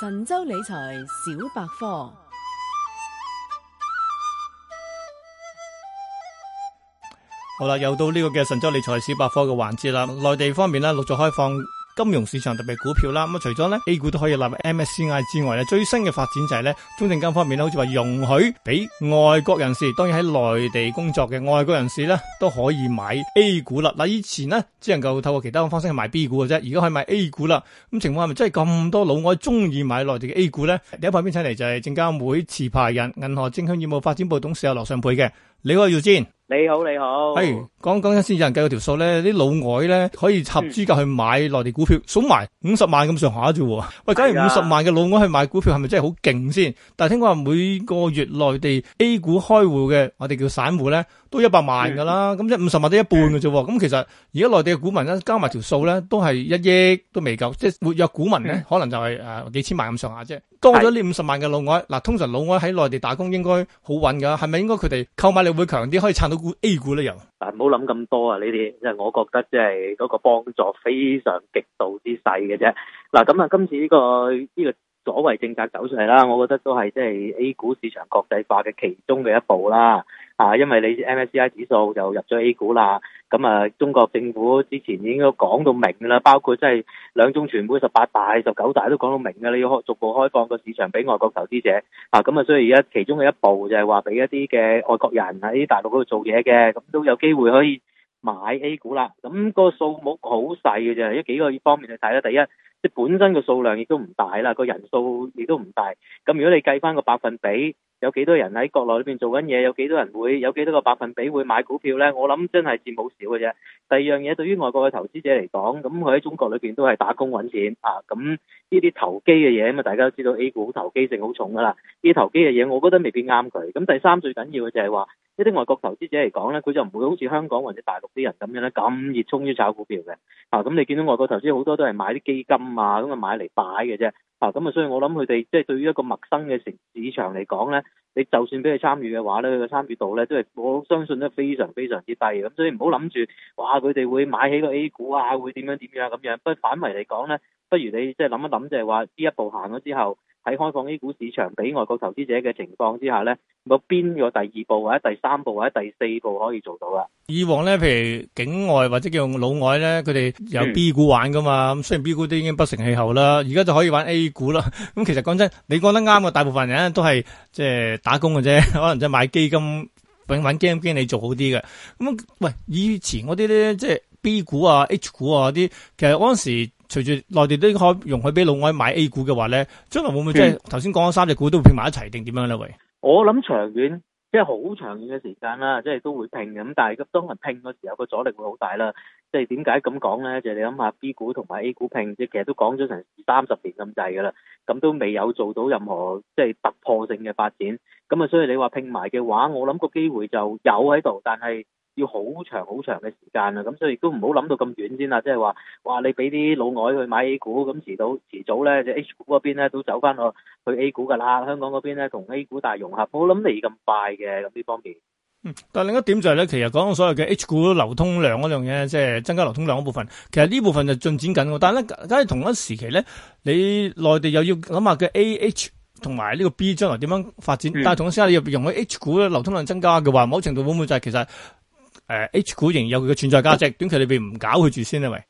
神州理財小百科，好啦，又到呢個嘅神州理財小百科嘅環節啦。內地方面呢，陸續開放。金融市場特別股票啦，咁啊除咗咧 A 股都可以納入 MSCI 之外咧，最新嘅發展就係、是、咧，中證監方面咧好似話容許俾外國人士，當然喺內地工作嘅外國人士咧都可以買 A 股啦。嗱，以前咧只能夠透過其他方式去買 B 股嘅啫，而家可以買 A 股啦。咁情況係咪真係咁多老外中意買內地嘅 A 股咧？第一排邊請嚟就係證監會持牌人、銀河證券業務發展部董事阿羅尚沛嘅李國榮先生你好，你好。係講講先，才有人計嗰條數咧，啲老外咧可以合資格去買內地股票，數埋五十萬咁上下啫。喂，假如五十萬嘅老外去買股票，係咪真係好勁先？但係聽講話每個月內地 A 股開戶嘅，我哋叫散戶咧，都一百萬噶啦。咁、嗯、即係五十萬都一半嘅啫。咁、嗯嗯、其實而家內地嘅股民咧，加埋條數咧，都係一億都未夠。即係活躍股民咧，嗯、可能就係誒幾千萬咁上下啫。多咗呢五十萬嘅老外嗱，通常老外喺內地打工應該好穩噶，係咪應該佢哋購買力會強啲，可以撐到？A 股咧又，但唔好諗咁多啊！呢啲，即係我覺得即係嗰個幫助非常極度之細嘅啫。嗱、這個，咁啊，今次呢個呢個所謂政策走出嚟啦，我覺得都係即係 A 股市場國際化嘅其中嘅一步啦。啊，因為你 MSCI 指數就入咗 A 股啦，咁啊，中國政府之前已經都講到明啦，包括即係兩中全會十八大、十九大都講到明嘅，你要逐步開放個市場俾外國投資者，啊，咁啊，所以而家其中嘅一步就係話俾一啲嘅外國人喺大陸嗰度做嘢嘅，咁都有機會可以買 A 股啦。咁、個數目好細嘅啫，一幾個方面去睇啦，第一，即係本身個數量亦都唔大啦，個人數亦都唔大。咁如果你計翻個百分比。有幾多人喺國內裏面做緊嘢？有幾多人會有幾多個百分比會買股票呢？我諗真係佔好少嘅啫。第二樣嘢，對於外國嘅投資者嚟講，咁佢喺中國裏面都係打工揾錢啊。咁呢啲投機嘅嘢，啊，大家都知道 A 股好投機性好重噶啦。呢啲投機嘅嘢，我覺得未必啱佢。咁、啊、第三最緊要嘅就係話，一啲外國投資者嚟講呢佢就唔會好似香港或者大陸啲人咁樣咧咁熱衷於炒股票嘅。啊，咁你見到外國投資好多都係買啲基金啊，咁啊買嚟擺嘅啫。啊，咁啊、嗯，所以我諗佢哋即係對於一個陌生嘅市市場嚟講咧，你就算俾佢參與嘅話咧，佢嘅參與度咧都係我相信都非常非常之低，咁所以唔好諗住哇佢哋會買起個 A 股啊，會點樣點樣咁樣。不反為嚟講咧，不如你即係諗一諗，就係話呢一步行咗之後。喺開放 A 股市場俾外國投資者嘅情況之下咧，有邊個第二步或者第三步或者第四步可以做到呀？以往咧，譬如境外或者叫老外咧，佢哋有 B 股玩噶嘛，咁、嗯、雖然 B 股都已經不成氣候啦，而家就可以玩 A 股啦。咁其實講真，你講得啱嘅，大部分人咧都係即係打工嘅啫，可能即係買基金搵搵基金經理做好啲嘅。咁喂，以前嗰啲咧即係 B 股啊、H 股啊啲，其實嗰時。隨住內地都可容許俾老外買 A 股嘅話咧，將來會唔會即係頭先講咗三隻股都會拼埋一齊定點樣咧？喂，我諗長遠即係好長遠嘅時間啦，即係都會拼。咁但係當佢拼嘅時候，個阻力會好大啦。即係點解咁講咧？就係你諗下 B 股同埋 A 股拼，即係其實都講咗成三十年咁滯噶啦，咁都未有做到任何即係突破性嘅發展。咁啊，所以你話拼埋嘅話，我諗個機會就有喺度，但係。要好長好長嘅時間，咁所以都唔好諗到咁短先啦。即係話，哇！你俾啲老外去買 A 股，咁遲到遲早咧，即 H 股嗰邊咧都走翻去 A 股㗎啦。香港嗰邊咧同 A 股大融合，冇諗你咁快嘅咁呢方面。嗯，但係另一點就係咧，其實講到所謂嘅 H 股流通量嗰樣嘢，即係增加流通量嗰部分，其實呢部分就進展緊。但係咧，同一時期咧，你內地又要諗下嘅 A、H 同埋呢個 B 將來點樣發展。嗯、但係同一時間，你又用喺 H 股流通量增加嘅話，某程度會唔會就係其實？誒，H 股仍有佢嘅存在價值，短期裏邊唔搞佢住先啦，咪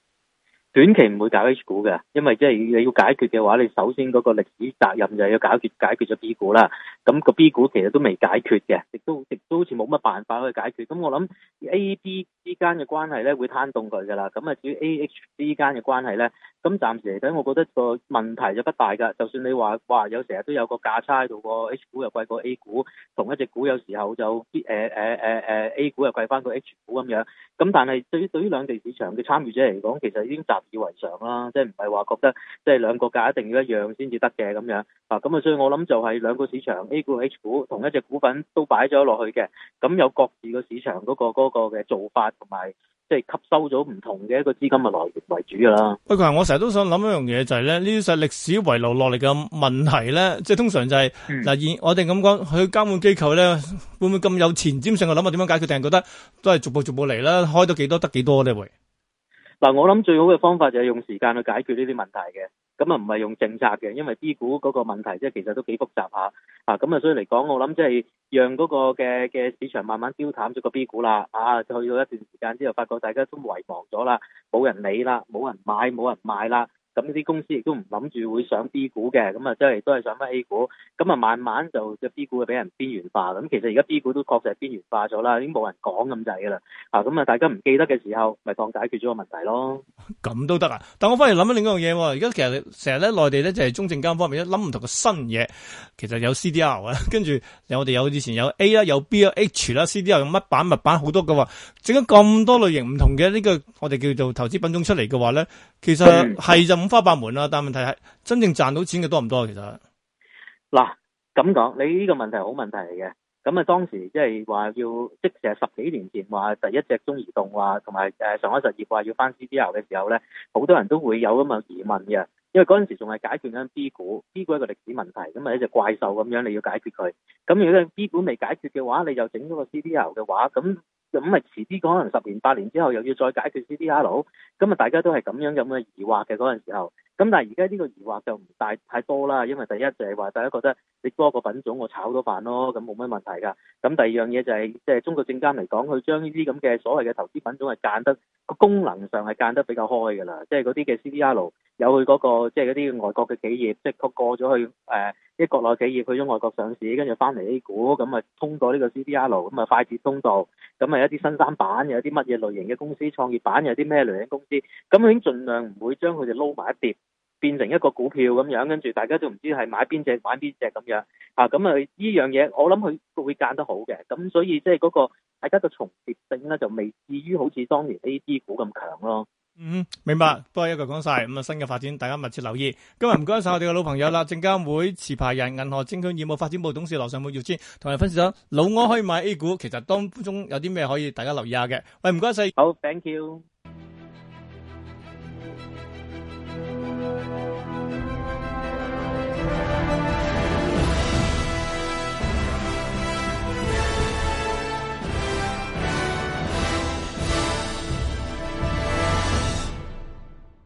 短期唔會搞 H 股嘅，因為即係你要解決嘅話，你首先嗰個歷史責任就係要解決，解決咗 B 股啦。咁個 B 股其實都未解決嘅，亦都亦都好似冇乜辦法去解決。咁我諗 A、B。之間嘅關係咧會攤動佢噶啦，咁啊至於 A、H 之間嘅關係咧，咁暫時嚟睇，我覺得個問題就不大噶。就算你話有成日都有個價差喺度，個 H 股又貴過 A 股，同一隻股有時候就誒誒誒誒 A 股又貴翻過 H 股咁樣。咁但係對於對於兩地市場嘅參與者嚟講，其實已經習以為常啦，即係唔係話覺得即係兩個價一定要一樣先至得嘅咁樣。啊，咁啊，所以我諗就係兩個市場 A 股、H 股同一隻股份都擺咗落去嘅，咁有各自個市場嗰、嗰個、嗰個嘅做法。同埋即係吸收咗唔同嘅一個資金嘅來源為主噶啦。不過我成日都想諗一樣嘢就係咧，呢啲就係歷史遺留落嚟嘅問題咧，即係通常就係、是、嗱，嗯、我哋咁講，佢監管機構咧會唔會咁有前瞻性嘅諗下點樣解決？定係覺得都係逐步逐步嚟啦，開到幾多得幾多咧？會嗱，我諗最好嘅方法就係用時間去解決呢啲問題嘅。咁啊，唔係用政策嘅，因為 B 股嗰個問題即係其實都幾複雜嚇，啊咁啊，所以嚟講，我諗即係讓嗰個嘅嘅市場慢慢消淡咗個 B 股啦，啊去到一段時間之後，發覺大家都遺忘咗啦，冇人理啦，冇人買，冇人賣啦。咁啲公司亦都唔諗住會上 B 股嘅，咁啊即係都係上翻 A 股，咁啊慢慢就隻 B 股就俾人邊緣化。咁其實而家 B 股都確實係邊緣化咗啦，已經冇人講咁滯噶啦。啊，咁啊大家唔記得嘅時候，咪當解決咗個問題咯。咁都得啊，但我反而諗緊另一樣嘢喎。而家其實成日咧內地咧就係中證監方面一諗唔同嘅新嘢，其實有 C D R 啊，跟住我哋有以前有 A 啦，有 B 啦，H 啦，C D R 用乜板物板好多嘅喎。整咗咁多類型唔同嘅呢個我哋叫做投資品種出嚟嘅話咧，其實係就花八門啦，但問題係真正賺到錢嘅多唔多？其實嗱，咁講你呢個問題好問題嚟嘅。咁啊，當時即係話要即係成十幾年前話第一隻中移動話同埋誒上海實業話要翻 CDR 嘅時候咧，好多人都會有咁嘅疑問嘅。因為嗰陣時仲係解決緊 B 股，B 股係一個歷史問題，咁啊一隻怪獸咁樣你要解決佢。咁如果 B 股未解決嘅話，你就整咗個 CDR 嘅話，咁。咁咪遲啲可能十年八年之後又要再解決 CDR，咁啊大家都係咁樣咁嘅疑惑嘅嗰陣時候，咁但係而家呢個疑惑就唔大太多啦，因為第一就係話大家覺得。你多個品種，我炒多飯咯，咁冇乜問題㗎。咁第二樣嘢就係，即係中國證監嚟講，佢將呢啲咁嘅所謂嘅投資品種係間得個功能上係間得比較開㗎啦。即係嗰啲嘅 C D R 有佢嗰個，即係嗰啲外國嘅企業即佢過咗去誒，啲國內企業去咗外國上市，跟住翻嚟 A 股，咁啊通過呢個 C D R，咁啊快捷通道，咁啊一啲新三板有啲乜嘢類型嘅公司，創業板有啲咩類型公司，咁已經盡量唔會將佢哋撈埋一碟。變成一個股票咁樣，跟住大家都唔知係買邊隻買邊隻咁樣，啊咁啊呢樣嘢我諗佢會揀得好嘅，咁所以即係嗰個大家嘅重疊性咧就未至於好似當年 A 股咁強咯。嗯，明白，都係一句講晒，咁啊新嘅發展大家密切留意。今日唔該晒我哋嘅老朋友啦，證監會持牌人、銀河證券業務發展部董事羅尚沛耀堅，同我哋分享老外可以買 A 股，其實當中有啲咩可以大家留意下嘅。喂，唔該晒。好，thank you。